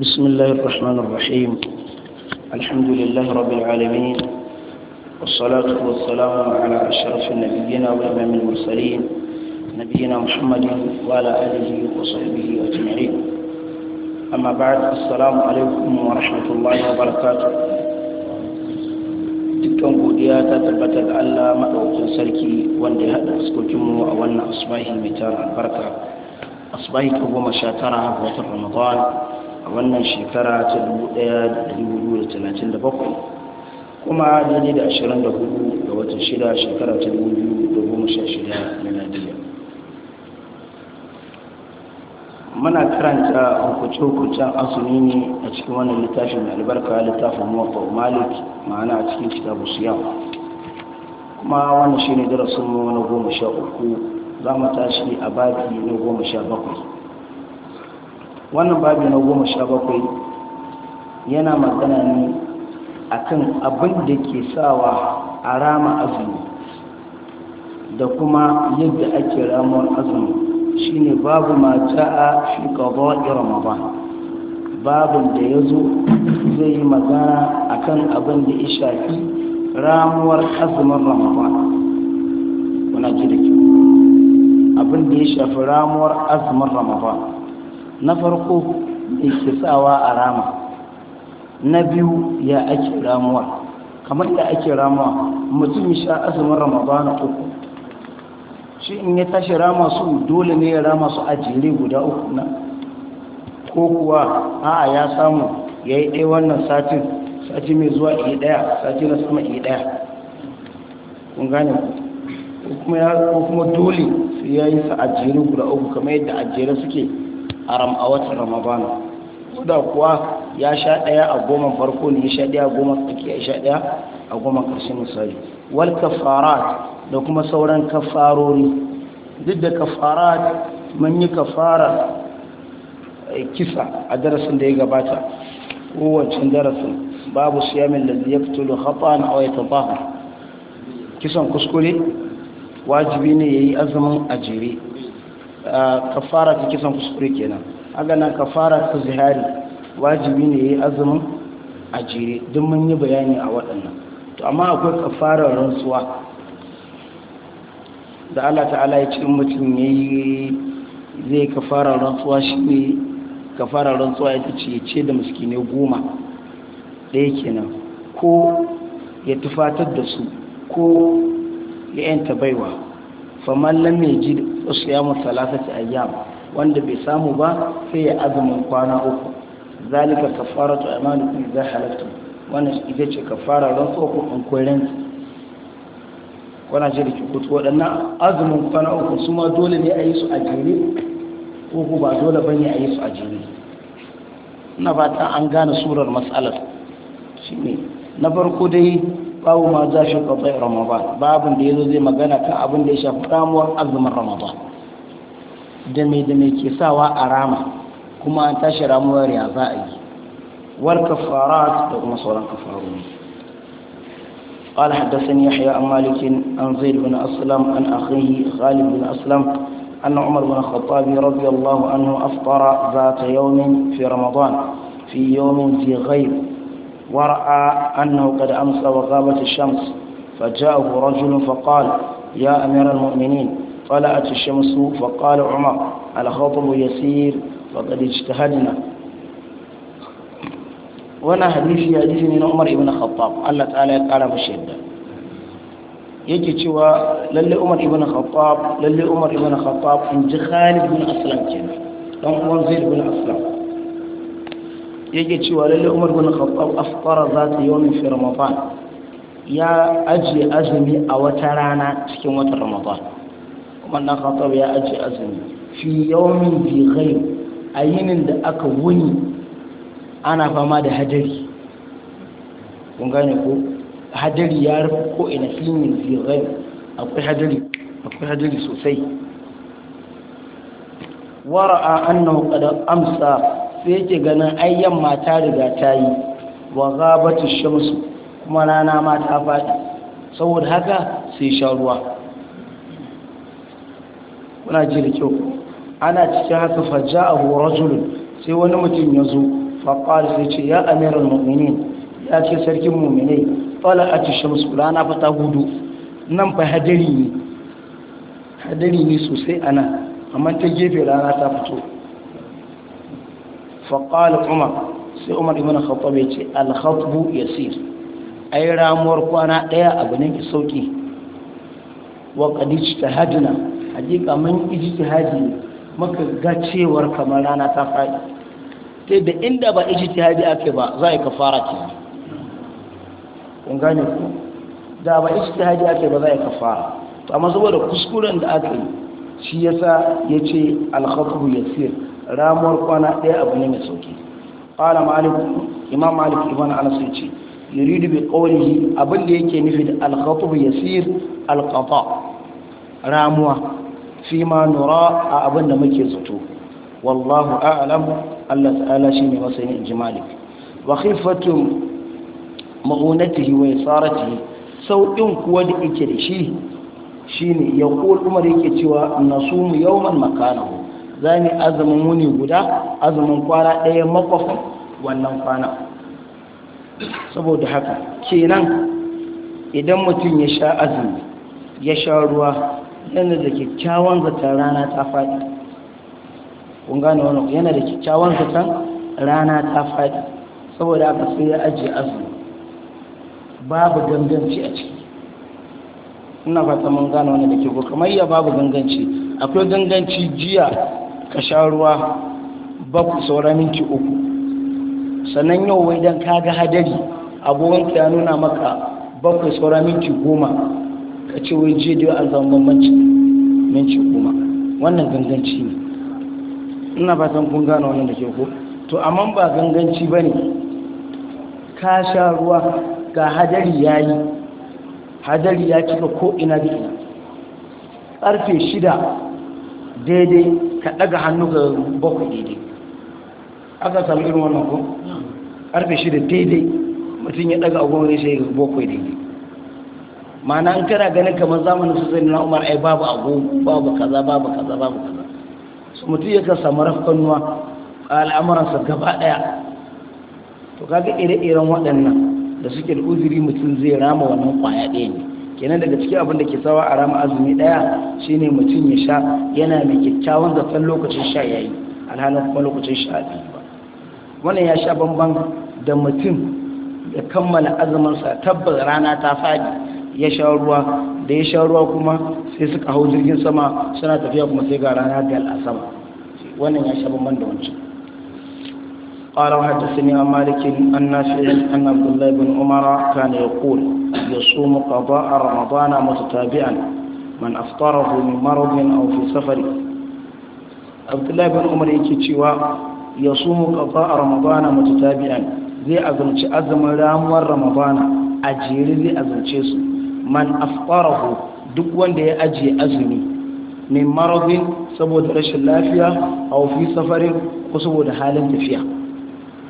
بسم الله الرحمن الرحيم الحمد لله رب العالمين والصلاة والسلام على أشرف النبيين وإمام المرسلين نبينا محمد وعلى آله وصحبه أجمعين أما بعد السلام عليكم ورحمة الله وبركاته dukkan godiya ta tabbatar da Allah maɗaukin sarki wanda ya haɗa fuskokinmu a wannan asbahi mai tara albarka asbahi ta goma sha tara watan ramadan wannan shekara ta 1237 kuma daidai da 24 ga watan shida shekara ta 2016 nadiya muna karanta hukuce-hukucen asumi ne a cikin wannan littafin mai albarka littafin mawafa malik ma'ana a cikin kitabu siyam kuma wannan shi ne darasin na goma sha uku za mu tashi a baki na goma sha bakwai wannan babi na goma sha bakwai yana magana ne akan abin da ke sawa a rama azumi da kuma yadda ake ramuwar azumi shine babu mata a fi qada'i ba. babin da ya zo zai yi magana akan abin da ya shafi ramuwar azumin ba. wana ji da kyau abin da ya shafi ramuwar azumin ba. na farko ikisawa a rama na biyu ya ake ramuwa kamar da ake ramuwa mutum sha azumin ramadan uku shi in ya tashi rama su dole ne ya rama su a jere guda uku na ko kuwa a'a ya samu ya yi ɗaya wannan satin sati mai zuwa iya ɗaya sati na sama iya ɗaya kun gane ko kuma dole su ya yi sa a jere guda uku kamar yadda a jere suke a watan ramadana da kuwa ya sha ɗaya a goma farko ne ya sha ɗaya goma tsaki ya sha daya a goma karshen misali wal kafarat da kuma sauran kafarori duk da kafarat mun yi kafara eh, kisa a darasin da ya gabata kowancin darasin babu siyamin da ya fito da na a ta baha kisan kuskure wajibi ne ya yi azumin ajere kafara ta kisan kuskure kenan aga nan kafara ta zihari wajibi ne yayi azumin a jere duk mun yi bayani a waɗannan to amma akwai kafara rantsuwa da Allah ta'ala ya cikin mutum yayi zai kafara rantsuwa ne kafara rantsuwa ya ce ce da muskine goma ɗaya kenan ko ya tufatar da su ko ya yanta baiwa faman lam yajid siyamu thalathati ayyam wanda bai samu ba sai ya azumin kwana uku zalika kafaratu aymanukum idza halaftum wannan ita ce kafara ran tsoko in koren kwana ce da kikutu wadannan azumin kwana uku su ma dole ne a yi su a jere ko ku ba dole bane a yi su a jere na ta an gane surar matsalar shi ne na farko dai أو ما جاء شق رمضان باب ديزو زي ما قلنا كأب شاف رامو أزم رمضان دمي دمي كيسا وأرامة كما انتشر رامو رياضائي والكفارات دوك مصورا كفارون قال حدثني يحيى عن مالك عن زيد بن أسلم عن أخيه خالد بن أسلم أن عمر بن الخطاب رضي الله عنه أفطر ذات يوم في رمضان في يوم ذي غيب ورأى أنه قد أمس وغابت الشمس فجاءه رجل فقال يا أمير المؤمنين طلعت الشمس فقال عمر على خطب يسير وقد اجتهدنا وانا يا حديثي من عمر بن الخطاب الله تعالى قال بشدة يجي cewa للي عمر ابن الخطاب للي عمر ابن الخطاب in ji Khalid ibn Aslam kenan dan uwan Zaid yake cewa lalle umar bin khattab afṭara zata yawmin fi ramadan ya ajiye azumi a wata rana cikin watan ramadan kuma nan khattab ya ajiye azumi fi yawmin bi ghayb a da aka wuni ana fama da hadari kun gane ko hadari ya rufe ko ina filmin bi ghayb akwai hadari akwai hadari sosai wara'a annahu qad amsa sai yake ganin ai mata ta riga ta yi wa gabatu shamsu kuma rana ma ta faɗi saboda haka sai sha ruwa kuna ji da kyau ana cikin haka fajja a rajulun sai wani mutum ya zo faƙar sai ce ya amiral mu'minin ya ce sarkin mu'minai tsala a ci shamsu rana fata gudu nan fa hadari ne hadari ne sosai ana amma ta gefe rana ta fito faƙal umar sai umar ibn khattab ya ce alhatbu yasir ai ramuwar kwana ɗaya abu ne ki sauki wa ƙadici ta hajjina hakika mun iji haji maka ga cewar kamar rana ta faɗi Sai da inda ba iji haji ake ba za a yi kafara ki? kun gane ku da ba iji haji ake ba za a yi kafara to amma saboda kuskuren da aka yi shi yasa ya ce alhatbu yasir ramuwar kwana ɗaya abu ne mai sauki ƙwala malik imam malik ibn anas ya ce yuridu bi qawlihi abin da yake nufi da al-khatb yasir al ramuwa fi ma nura a abin da muke zato wallahu a'lam Allah ta'ala shine ne inji malik wa khifatu ma'unatihi wa yasaratihi sauƙin kuwa da yake da shi shine yaqul umar yake cewa nasumu yawman makanahu za mu azumin muni guda azumin kwana ɗaya makwafin wannan kwana saboda haka kenan idan mutum ya sha azumi ya sha ruwa yana da kyakkyawan zaton rana ta faɗi kun gane wani yana da kyakkyawan zaton rana ta faɗi saboda haka sai ya ajiye azumi babu ganganci a ciki ina fata mun gane wani da ke ko kamar babu ganganci akwai ganganci jiya ka sha ruwa baku saura minti uku sannan yau wai don ka ga hadari abubuwan ya nuna maka baku saura minti goma ka ce wai je da an zama bambanci minti goma wannan ganganci ne ina fatan kun gano wannan da ke ko to amma ba ganganci ba ne ka sha ruwa ga hadari ya yi hadari ya cika ina da ina ƙarfe shida daidai ka daga hannu ga bakwai daidai aka samu irin wannan ko karfe shida daidai mutum ya daga agogo zai ga bakwai daidai ma'ana an kana ganin kamar zamanin su zai na umar ai babu agogo babu kaza babu kaza babu kaza su mutum ya ka samu rafkanuwa a al'amuransa gaba daya to kaga ire-iren waɗannan da suke da uzuri mutum zai rama wannan kwaya ɗaya ne kenan daga cikin abin da ke sawa a rama azumi daya shine mutum ya sha yana mai kyakkyawan zaton lokacin sha yayi alhalin kuma lokacin sha biyu ba wannan ya sha bamban da mutum ya kammala sa tabbas rana ta fadi ya sha ruwa da ya sha ruwa kuma sai suka hau jirgin sama suna tafiya kuma sai ga rana da al'asama wannan ya sha bamban da wancan قال وحدثني عن مالك عن أن عبد الله بن عمر كان يقول يصوم قضاء رمضان متتابعا من أفطره من مرض أو في سفر عبد الله بن عمر يكتشوا يصوم قضاء رمضان متتابعا زي أزمت أزم رام رمضان أجير زي أزمت من أفطره duk wanda دي اجي ازمي من مرض سبب rashin lafiya او في سفر ko saboda halin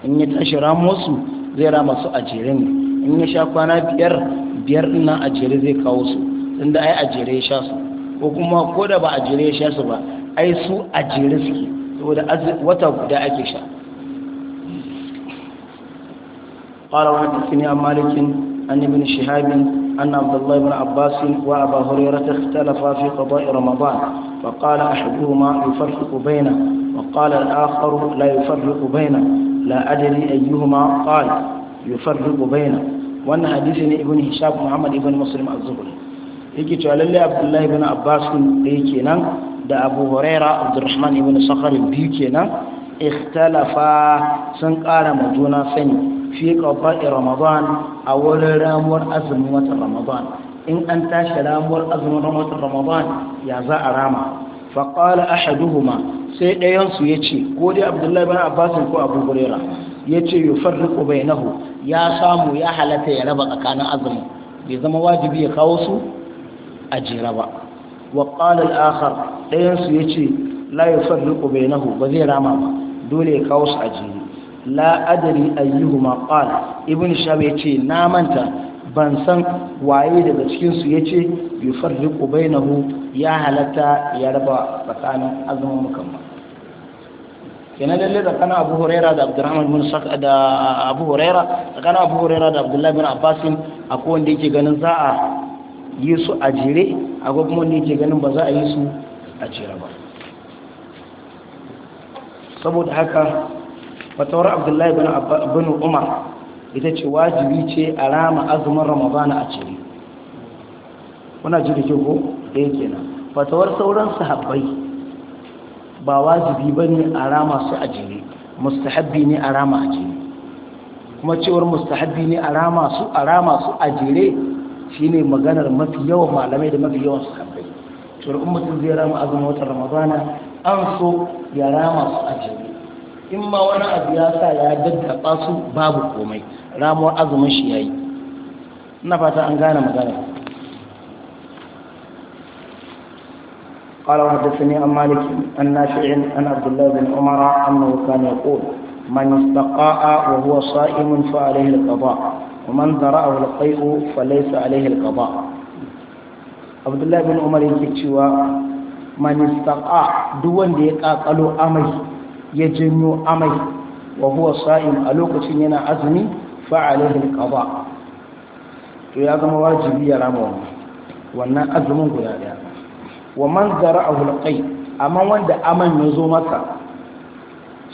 in ya tashi ramuwarsu zai rama su a jere ne in ya sha kwana biyar biyar na a jere zai kawo su tun ai a jere sha su ko kuma ko da ba a jere sha su ba ai su a jere suke saboda wata guda ake sha قال وحدثني عن مالك عن ابن شهاب أن عبد الله بن عباس وأبا هريرة اختلفا في قضاء رمضان فقال أحدهما يفرق بينه وقال الآخر لا يفرق بينه لا أدري أيهما قال يفرق بينه وأن حديث ابن هشام محمد ابن مسلم الزهري yake cewa lalle abdullahi ibn abbas ɗaya kenan da abu huraira abdurrahman ibn sakhar biyu kenan ikhtalafa sun kara ma juna sani fi qada'i ramadan a wurin ramuwar azumin watan ramadan in an tashi ramuwar azumin watan ramadan ya za a rama faƙala ahaduhuma sai ɗayansu ya ce ko dai abdullahi bin abbas ko abu huraira ya ce yi farriƙo bai nahu ya samu ya halatta ya raba tsakanin azumi bai zama wajibi ya kawo su a jera ba wa ƙalar akhar ɗayansu ya ce la yi farriƙo bai nahu ba zai rama ba dole ya kawo su a jere la adari ayyuhuma qala ibn shab ya ce na manta ban san waye daga cikinsu ya ce yufarriqu bainahu ya halatta ya raba tsakanin azumin mukamma kenan lalle tsakanin Abu Huraira da Abdurrahman bin Sak da Abu Huraira tsakanin Abu Huraira da Abdullahi bin Abbas ko wanda yake ganin za a yi su a jere ko kuma wanda yake ganin ba za a yi su a jere ba saboda haka fatawar Abdullahi bin Umar ita ce wajibi ce a rama azumin Ramadana a jere kuna ji da ko ɗaya eh, nan. fatawar sauran sahabbai ba wajibi ba ne a rama su a jere mustahabbi ne a rama a jere kuma cewar mustahabbi ne a rama su a rama su a jere shine maganar mafi yawan malamai da mafi yawan sahabbai cewar in mutum zai rama azumin watan ramadana an so ya rama su a jere in ma wani abu ya sa ya daddaba su babu komai ramuwar azumin shi yayi ina fata an gane magana قال وحدثني عن مالك عن نافع عن عبد الله بن عمر انه كان يقول من استقاء وهو صائم فعليه القضاء ومن ذرأه القيء فليس عليه القضاء عبد الله بن عمر yake cewa man duk wanda ya kakalo amai ya janyo amai wa huwa a lokacin yana azumi fa alaihi to ya zama wajibi ya wannan azumin guda ɗaya wa man zara'ahu alqay amma wanda aman ya zo masa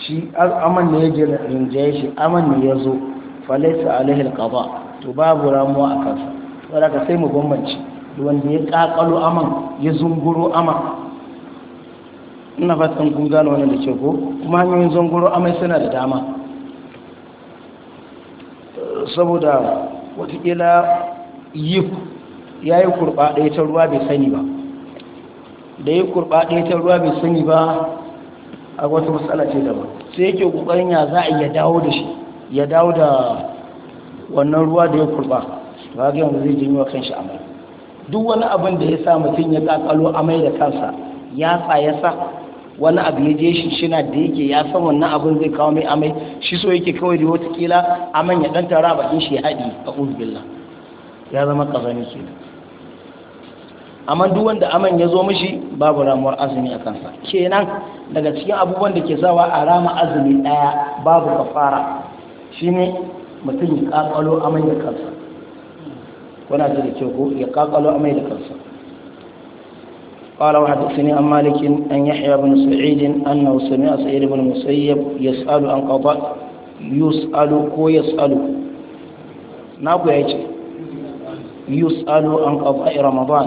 shi aman ne ya jira rinjaye shi aman ne ya zo falaisa alaihi qada to babu ramuwa a kansa wanda ka sai mu bambanci wanda ya kakalo aman ya zunguro aman ina fatan kun gano wannan da ke ko kuma hanyoyin zunguro amai suna da dama saboda watakila yif ya yi kurɓa ɗaya ta ruwa bai sani ba da ya kurba ɗaya ta ruwa bai sani ba a wata matsala ce daban sai yake kokarin ya za a iya dawo da ya dawo da wannan ruwa da ya kurba ba ga yanzu zai janyo kan shi amai duk wani abin da ya sa mutum ya kakalo amai da kansa ya sa ya sa wani abu ya je shi shina da yake ya san wannan abin zai kawo mai amai shi so yake kawai da wata kila aman ya ɗan tara bakin shi ya haɗi a uzbillah ya zama kazani kenan amma duk wanda aman ya zo mishi babu ramuwar azumi a kansa kenan daga cikin abubuwan da ke sawa a rama azumi daya babu kafara shine mutum ya kakalo amai da kansa kuna ji da kyau ya kakalo amai da kansa قال وحدثني عن مالك أن يحيى بن سعيد أنه سمع سعيد بن المسيب يسأل عن قضاء يسأل ويسأل نابو يجي يسأل عن قضاء رمضان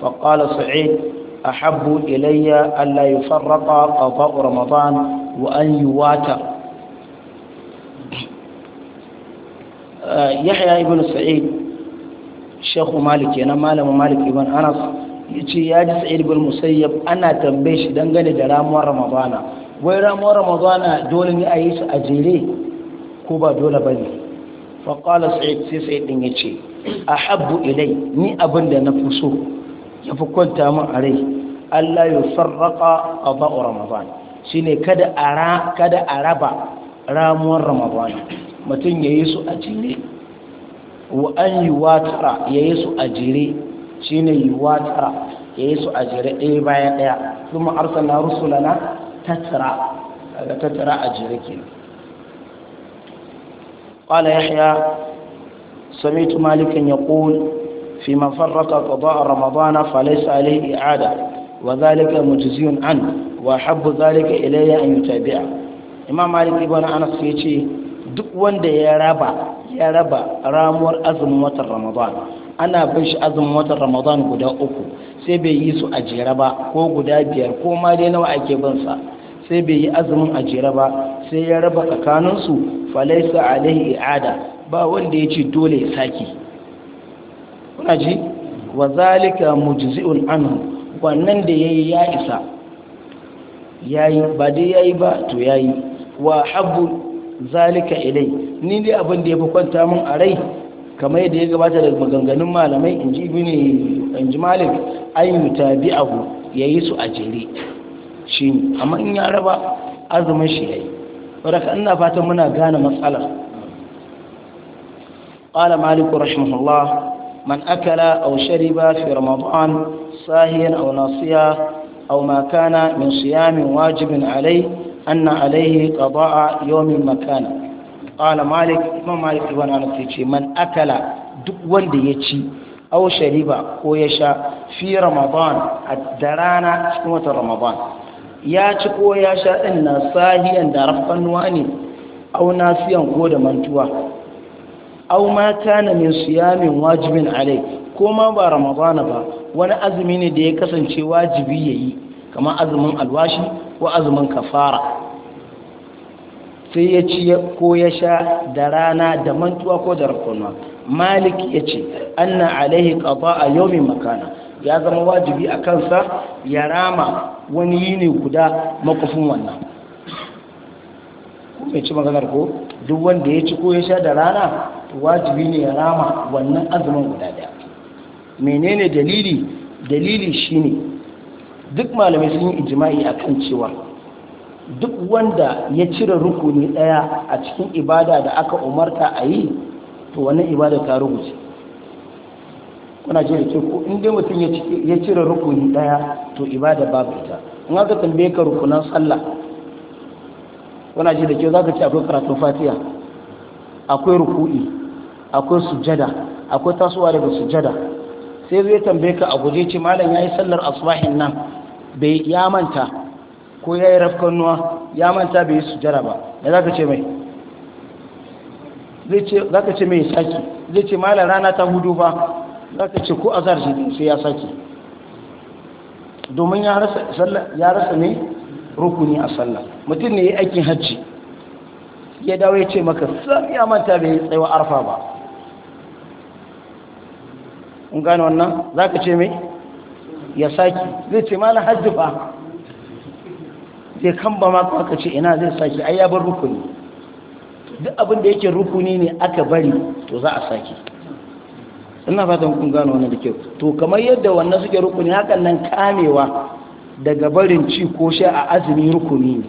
فقال سعيد أحب إلي ألا يفرق قضاء رمضان وأن يواتر يحيى ابن سعيد شيخ مالك أنا مالك مالك ابن أنس yace ya ji sa'id bin musayyab ana tambaye shi dangane da ramuwar ramadana wai ramuwar ramadana dole ne a yi su a jere ko ba dole ba ne faƙala sa'id sai sa'id din ya ce a habbu ilai ni abin da na fi so ya fi kwanta min a rai Allah ya sarraƙa a ba'u ramadan shi ne kada a raba ramuwar ramadan mutum ya yi su a jere wa an yi watara ya yi su a jere shi ne yi watara ya yi su a jere ɗaya bayan ɗaya kuma arsala rusulana tattara daga tattara a jere kenan قال يحيى سميت مالكا يقول فيما فرق قضاء رمضان فليس عليه إعادة وذلك مجزي عنه وأحب ذلك إلي أن يتابعه إمام مالك ابن أنس يتي duk wanda ya raba ya raba ramuwar azumin watan ramadan ana bin shi azumin watan ramadan guda uku sai bai yi su a ba ko guda biyar ko ma dai nawa ake bin sa sai bai yi azumin a ba sai ya raba tsakaninsu falaisa alaihi i'ada ba wanda ya ce dole ya sake kuna ji wa zalika mujzi'un anhu wannan da yayi ya isa yayi ba dai yayi ba to yayi wa habbu zalika ilai ni dai abin da ya yafi kwanta mun a rai kamar yadda ya gabata da maganganun malamai inji ibn inji malik ay ya yayi su a jere shi amma in ya raba azumin shi yayi saboda ina fatan muna gane matsalar qala malik rahimahullah من أكل أو شرب في رمضان صاهيا أو ناصيا أو ما كان من صيام واجب عليه أن عليه قضاء يوم مكان قال مالك إمام مالك بن أنس من أكل دول ديتشي أو شرب ويشا في رمضان الدرانة سنوة رمضان ya ci ko ya sha ɗin na sahiyan da rafan wani au nasiyan ko da mantuwa aw ma kana min siyamin wajibin alai ko ma ba ramadana ba wani azumi ne da ya kasance wajibi yayi kamar azumin alwashi ko azumin kafara sai ya ci ko ya sha da rana da mantuwa ko da rukunwa malik ya ce anna alaihi qada a yawmin makana ya zama wajibi a kansa ya rama wani yini guda makofin wannan mai ci maganar ko duk wanda ya ci ko ya sha da rana wajibi ne ya rama wannan azumin guda daya menene dalili dalili shine duk malamai sun yi ijma'i akan cewa duk wanda ya cire rukuni daya a cikin ibada da aka umarta a yi to wannan ibada ta rubuce kuna jira ke ko in dai mutum ya cire rukuni daya to ibada babu ita in aka tambaye ka rukunan sallah kuna ji da ke za ka ci akwai karatun fatiya akwai ruku'i akwai sujada akwai tasowa daga sujada sai zai tambaye ka a guje ce malam yayi sallar asbahin nan bai ya manta ko yayi rafkan nuwa ya manta bai sujada ba me zaka ce mai zai ce zaka ce mai saki zai ce malam rana ta hudu za zaka ce ko azar shi sai ya saki domin ya rasa sallah ya rasa ne rukuni a sallah mutum ne yayi aikin hajji ya dawo ya ce maka sam ya manta bai tsayawa arfa ba kun gane wannan za ka ce mai ya saki zai ce malam hajji ba zai kamba ma aka ce ina zai saki ai ya bar rukuni duk abin da yake rukuni ne aka bari to za a saki ina fatan kun gane wannan da kyau to kamar yadda wannan suke rukuni hakan nan kamewa daga barin ci ko sha a azumi rukuni ne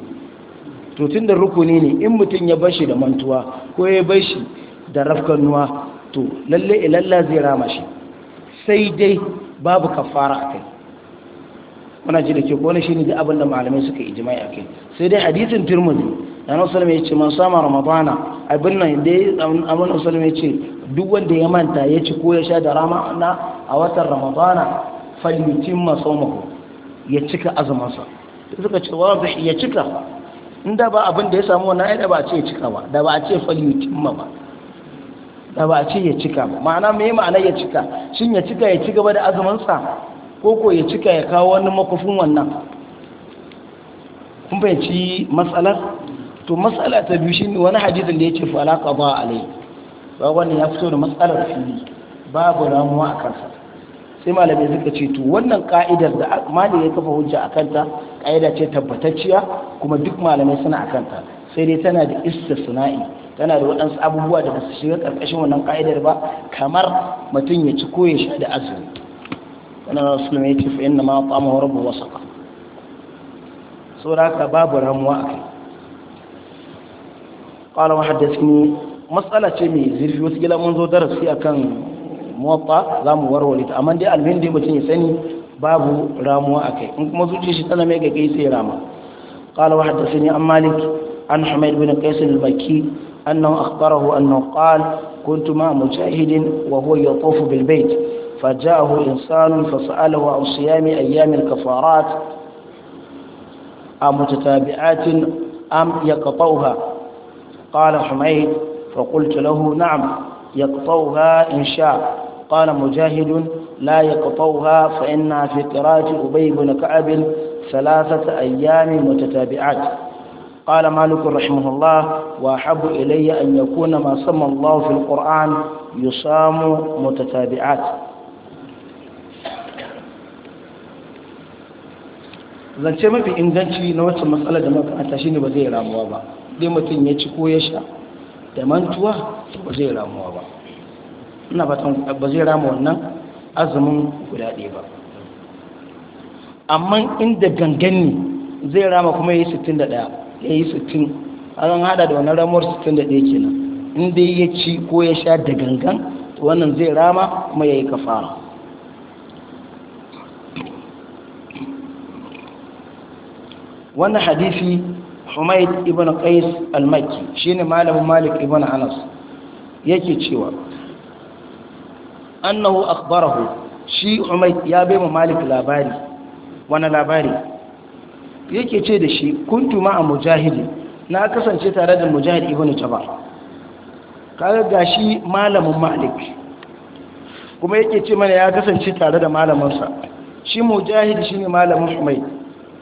to tun da rukuni ne in mutum ya bashi da mantuwa ko ya bashi da rafkanuwa to lalle ilalla zai rama shi sai dai babu kafara a kai muna ji da ke kone shi ne da abin da malamai suka yi jima'i a kai sai dai hadithin turmudi da nan mai ya ce man sama ramadana abin nan da abin nan salama ya ce duk wanda ya manta ya ci ko ya sha da rama na a watan ramadana masu mako ya cika azumansa suka ce wa ya cika inda ba abin da ya samu wani ya da ba a ce ya cika ba da ba a ce falmitin ma ba da ba a ce ya cika ma'ana mai ma'ana ya cika shin ya cika ya ci gaba da azumansa? ko ko ya cika ya kawo wani makufin wannan kun fahimci matsalar to matsala ta biyu shine wani hadisin da ya ce yake fala a lai ba wannan ya fito da matsalar fili babu ramuwa a kansa sai malamai suka ce to wannan ka'idar da malamai ya kafa hujja a kanta ka'ida ce tabbatacciya kuma duk malamai suna a kanta sai dai tana da istisna'i tana da waɗansu abubuwa da basu shiga ƙarƙashin wannan ƙa'idar ba kamar mutum ya ci koyi shi da azumi wani rasulun ya ce fa'in na ma ƙwamo wa rabu wasu ba da haka babu ramuwa a kai haddasa ne matsala ce mai zirfi wasu gila mun zo darasi a kan muwatta za mu warware ta amma dai almin dai mutum ya sani babu ramuwa a kai in kuma zuci shi tana mai gaggai sai rama haddasa ne an malik an hamid bin qais al-baki أنه أخبره أنه قال كنت مع مجاهد وهو يطوف بالبيت فجاءه إنسان فسأله عن صيام أيام الكفارات أمتتابعات أم يقطوها قال حميد فقلت له نعم يقطوها إن شاء قال مجاهد لا يقطوها فإنها في قراءة أبي بن كعب ثلاثة أيام متتابعات قال مالك رحمه الله وأحب إلي أن يكون ما سمى الله في القرآن يصام متتابعات zance mafi inganci na wata matsala da makaranta shine ba zai ramuwa ba dai mutum ya ci ko ya sha da mantuwa ba zai ramuwa ba ina fatan ba zai ramu wannan azumin guda ɗaya ba amma inda gangan ne zai rama kuma ya yi 61 ya yi sittin an hada da wani ramuwar sittin da ɗaya kenan in dai ya ci ko ya sha da gangan wannan zai rama kuma ya yi kafara wannan hadisi humaid ibn qais al-makki shine malamin malik ibn anas yake cewa annahu akhbarahu shi humaid ya bai mu malik labari wani labari yake ce da shi kuntu ma a mujahidi na kasance tare da mujahidi ibn jaba kaga gashi malamin malik kuma yake ce mana ya kasance tare da sa shi mujahidi shine malamin umay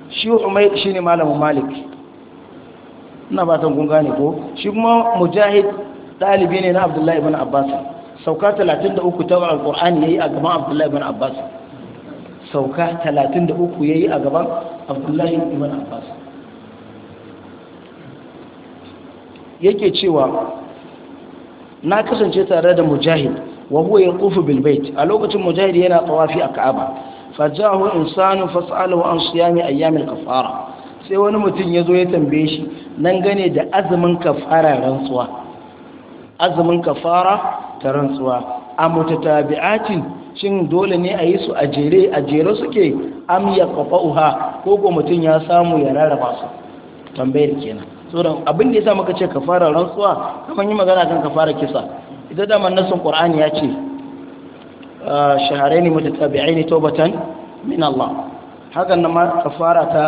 shi umay shine malamin malik ina fatan kun gane ko shi kuma mujahid dalibi ne na abdullahi ibn abbas sauka 33 ta alqur'ani yayi a gaban abdullahi ibn abbas sauka 33 yayi a gaban abdullahi ibn abbas yake cewa na kasance tare da mujahid wa huwa yaqufu bil bait a lokacin mujahid yana tawafi a ka'aba in insanu fas'alahu an siyami ayyam al kafara sai wani mutum ya zo ya tambaye shi nan gane da azumin kafara rantsuwa azumin kafara ta rantsuwa a mutatabi'atin shin dole ne a yi su a jere a jere suke am ya kafa uha ko ko mutum ya samu ya rarraba su tambayar kenan sauran abin da ya sa muka ce kafara rantsuwa kafin yi magana kan kafara kisa ita da nasun qur'ani ya ce ah, shahareni mutatabi'aini tawbatan min Allah hakan nan ma kafara ta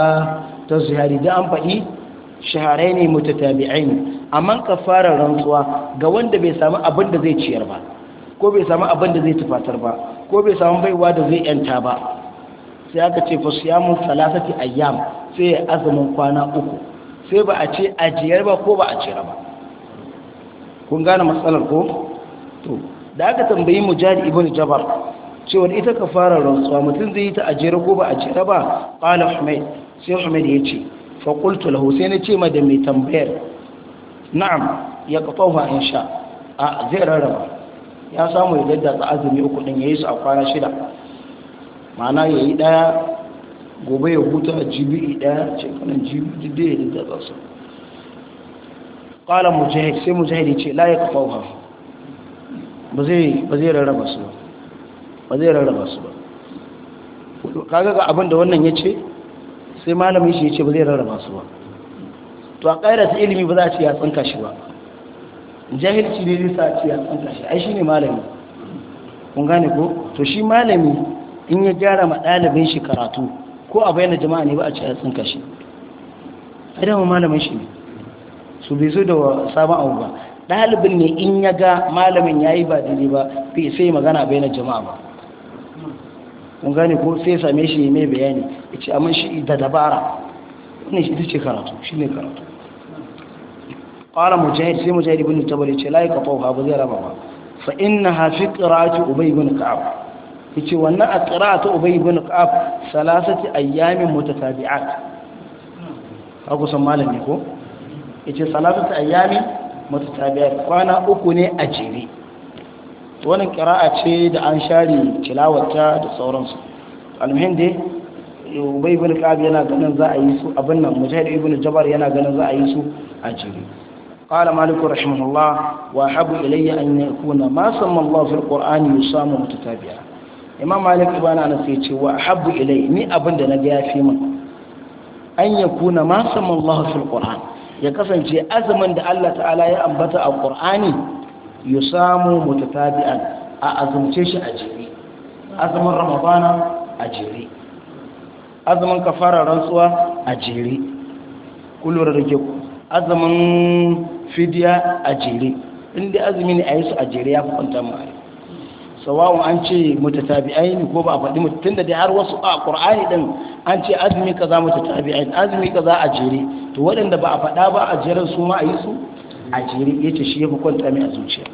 ta zuhari da an faɗi shahareni mutatabi'aini amma kafara rantsuwa ga wanda bai samu abin da zai ciyar ba ko bai samu abin da zai tufatar ba ko bai samu baiwa da zai yanta ba sai aka ce fa siyamu salasati ayyam sai ya azumin kwana uku sai ba a ce ajiyar ba ko ba a cira ba kun gane matsalar ko to da aka tambayi mujahid ibn jabar cewa ita ka fara rantsuwa mutum zai yi ta ajiyar ko ba a cira ba qala humayd sai humayd ya ce fa qultu lahu sai na ce ma da mai tambayar na'am ya qatawa insha a zai rarraba ya samu ya daddasa azumi uku din ya yi su a kwana shida ma'ana ya yi ɗaya gobe ya huta jibi ɗaya cekanin jibi da ya daddasa su ƙala mujahid sai mujahid ce layi ka fauha ba zai rarraba su ba ba zai rarraba su ba kaga ga abin da wannan ya ce sai malamin shi ya ce ba zai rarraba su ba to a ƙairar ilimi ba za a ce ya tsanka shi ba jahilci ne zai sa ce a ai shi ai malami kun gane ko to shi malami in ya gyara ma ɗalibin shi karatu ko a bayyana jama'a ne ba a ce a tsinkashi, shi ai dama malamin shi ne su bai so da sabon abu ba ɗalibin ne in ya ga malamin ya yi ba daidai ba bai sai magana bayyana jama'a ba kun gane ko sai same shi ne mai bayani ya ce amma shi da dabara wannan shi ita ce karatu shi ne karatu qala mujahid sai mujahid ibn jabal yace la yaqtawha ba zai raba ba fa innaha fi qira'ati ubay ibn ka'ab ce wannan a qira'atu ubay ibn ka'ab salasati ayyamin mutatabi'at ka kusan malam ne ko yace salasati ayyamin mutatabi'at kwana uku ne a jere wannan qira'a ce da an share tilawata da sauransu almuhim dai ubay ibn ka'ab yana ganin za a yi su abin nan mujahid ibn jabar yana ganin za a yi su a jere قال مالك رحمه الله وأحب إلي أن يكون ما سمى الله في القرآن يصام متتابعا إمام مالك إبان أنا سيتي وأحب إلي ني أبن دنا جاء في من أن يكون ما سمى الله في القرآن يكسن جي أزمن دا الله تعالى يأنبت القرآن يصام متتابعا أزمتش أجري أزمن رمضان أجري azumin kafarar rantsuwa a jere kullum da ke azumin fidiya a jere inda azumi ne a yi su a jere ya fi kwanta ma'ari sawawun an ce mutatabi'ai ne ko ba a faɗi mutum da dai har wasu a ƙur'ani ɗin an ce azumi ka kaza mutatabi'ai azumi ka za a jere to waɗanda ba a faɗa ba a jeren su ma a yi su a jere ya ce shi ya fi kwanta mai a zuciya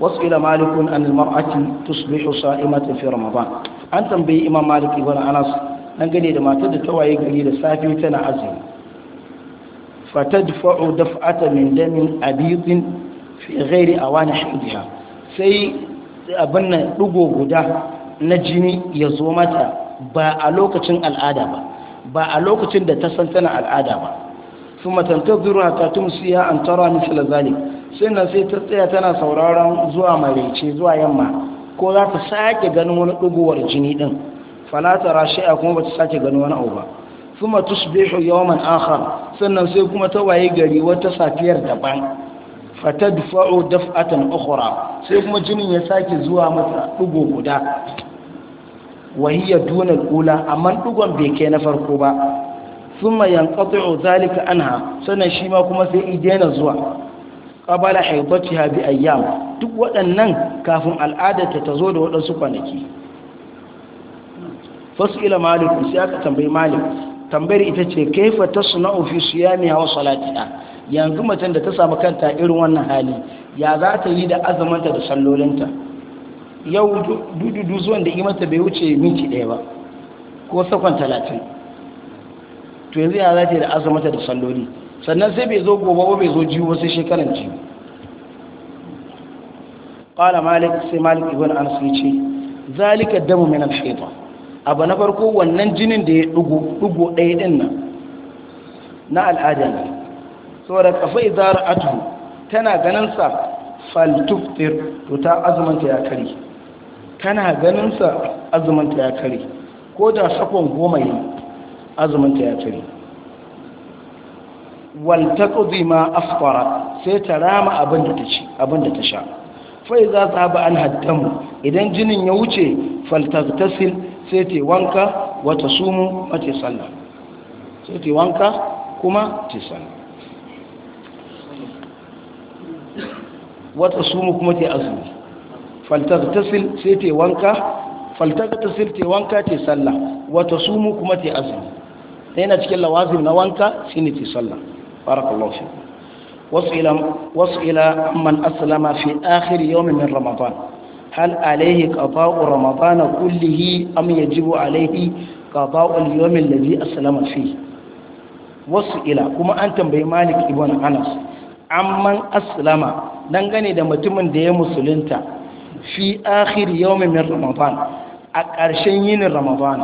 wasu ila malikun an mar'ati tusbihu sa'imatan fi ramadan an tambayi imam malik ibn anas dan gane da matar da tawaye gari da safe tana azumi fatadfa'u daf'ata min damin abidin fi ghairi awani hadiha sai abin nan dugo guda na jini ya zo mata ba a lokacin al'ada ba ba a lokacin da ta san tana al'ada ba sun matanta zuwa ta tumsiya an tara misal zalik sai nan sai ta tsaya tana sauraron zuwa marece zuwa yamma ko za ta sake ganin wani ɗigowar jini ɗin? fala ta rashi kuma ba ta sake ganin wani abu suma tusbihu yawman akhar sannan sai kuma ta waye gari wata safiyar daban fatadfa'u daf'atan ukhra sai kuma jinin ya sake zuwa masa dugo guda wahiya duna al-ula amma dugon bai kai na farko ba suma yanqati'u zalika anha sannan shi ma kuma sai daina zuwa qabala haidatiha bi ayyam duk waɗannan kafin al'adarta ta zo da waɗansu kwanaki fasu ila malikun sai aka tambayi malikun tambayar ita ce kaifa tasna'u fi ne wa salatiya yanzu mutum da ta samu kanta irin wannan hali ya za ta yi da azamanta da sallolinta yau dududu zuwan da imanta bai wuce minti ɗaya ba ko sakon talatin to yanzu ya za ta yi da azamanta da salloli sannan sai bai zo gobe ba bai zo jiwo wasu shekaran jiwo qala malik sai malik ibn anas yace zalika damu mai al-shaytan abu na farko wannan jinin da ya dugo ɗaya ɗin nan na al'ada ne saboda zara a tuhu tana ganinsa faltuftir to ta azumanta ya kare tana ganinsa azumanta ya kare ko da sakon goma yi azumanta ya kare waltaƙudi ma afkwara sai ta rama abin da ta sha fai za ta haɓa an haddamu idan jinin ya wuce faltaftasil sai ta wanka wata sumu mace sallah sai ta wanka kuma ta sallah wata sumu kuma ta azumi faltar tasil sai ta wanka faltar tasil ta wanka ta sallah wata sumu kuma ta azumi yana cikin lawazim na wanka shine ta sallah barakallahu fi wasu ila wasu ila man aslama fi akhir yawmin min ramadan hal alaihi qada'u ramadana kullihi am yajibu alaihi qada'u al-yawm alladhi aslama fi wasu ila kuma an tambayi Malik ibn Anas amman aslama dangane da mutumin da ya musulunta fi akhir yawm min ramadan a ƙarshen yinin ramadan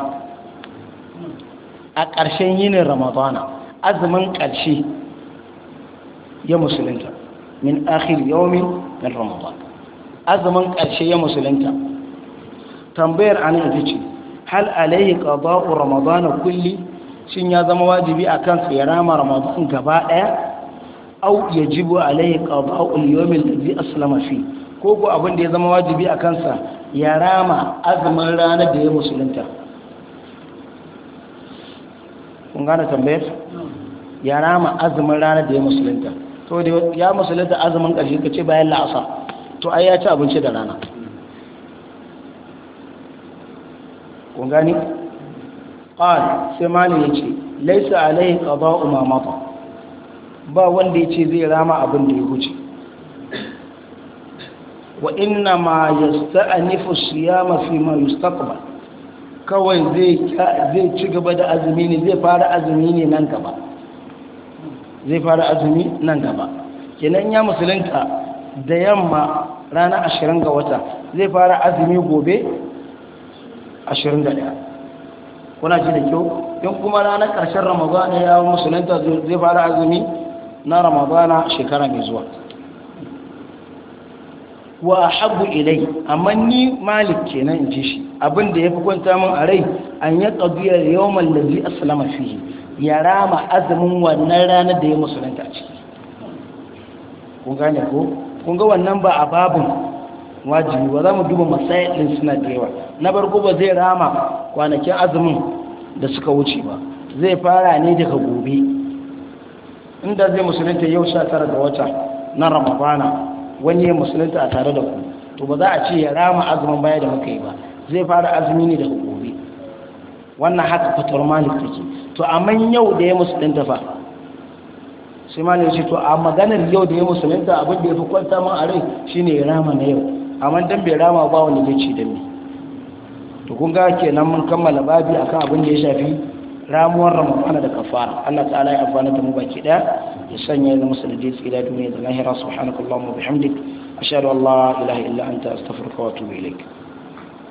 a ƙarshen yinin ramadan azumin ƙarshe ya musulunta azumin ƙarshe ya musulunta tambayar ana ita ce hal alaihi qada'u ramadan kulli shin ya zama wajibi akan sa ya rama ramadan gaba daya au yajibu alaihi qada'u al-yawm alladhi aslama fi ko ko abin da ya zama wajibi akan sa ya rama azumin ranar da ya musulunta kun gane tambayar ya rama azumin ranar da ya musulunta to da ya musulunta azumin ƙarshe kace bayan la'asar to ai ya ci abinci da rana kun gani qal sai malin ce laisa alai qada'u ma mata ba wanda ya ce zai rama abin da ya huce wa inna ma yasta'nifu siyama fi ma yustaqbal kawai zai ci gaba da azumi ne zai fara azumi ne nan gaba zai fara azumi nan gaba kenan ya musulunta da yamma ranar ashirin ga wata zai fara azumi gobe ashirin da ɗaya kuna ji da kyau in kuma ranar ƙarshen ramadana ya musulunta zai fara azumi na ramadana shekara mai zuwa wa habu ilai amma ni malik kenan in ji shi abinda ya fi kwanta min a rai an yi ƙabiyar yawon a asalama fiye ya rama azumin wannan ranar da ya musulunta a ciki kun gane ko kun ga wannan ba a babin wajibi ba za mu duba matsayin suna da yawa na barko ba zai rama kwanakin azumin da suka wuce ba zai fara ne daga gobe inda zai musulunta yau sha tara ga wata na ramadana wani ya musulunta a tare da ku to ba za a ce ya rama azumin baya da muka yi ba zai fara azumi ne daga gobe wannan haka fatar malik take to amma yau da ya musulunta fa sai ma ne to a maganar yau da ya musulunta abin da ya fi kwanta ma a rai shine ya rama na yau amma dan bai rama ba wani zai ci danne to kun ga kenan mun kammala babi akan abin da ya shafi ramuwar ramadana da kafara Allah ta'ala ya amfana da mu baki ɗaya ya sanya ya zama sanadi tsira duniya da lahira subhanakallahumma bihamdik ashhadu an la ilaha illa anta astaghfiruka wa atubu ilaik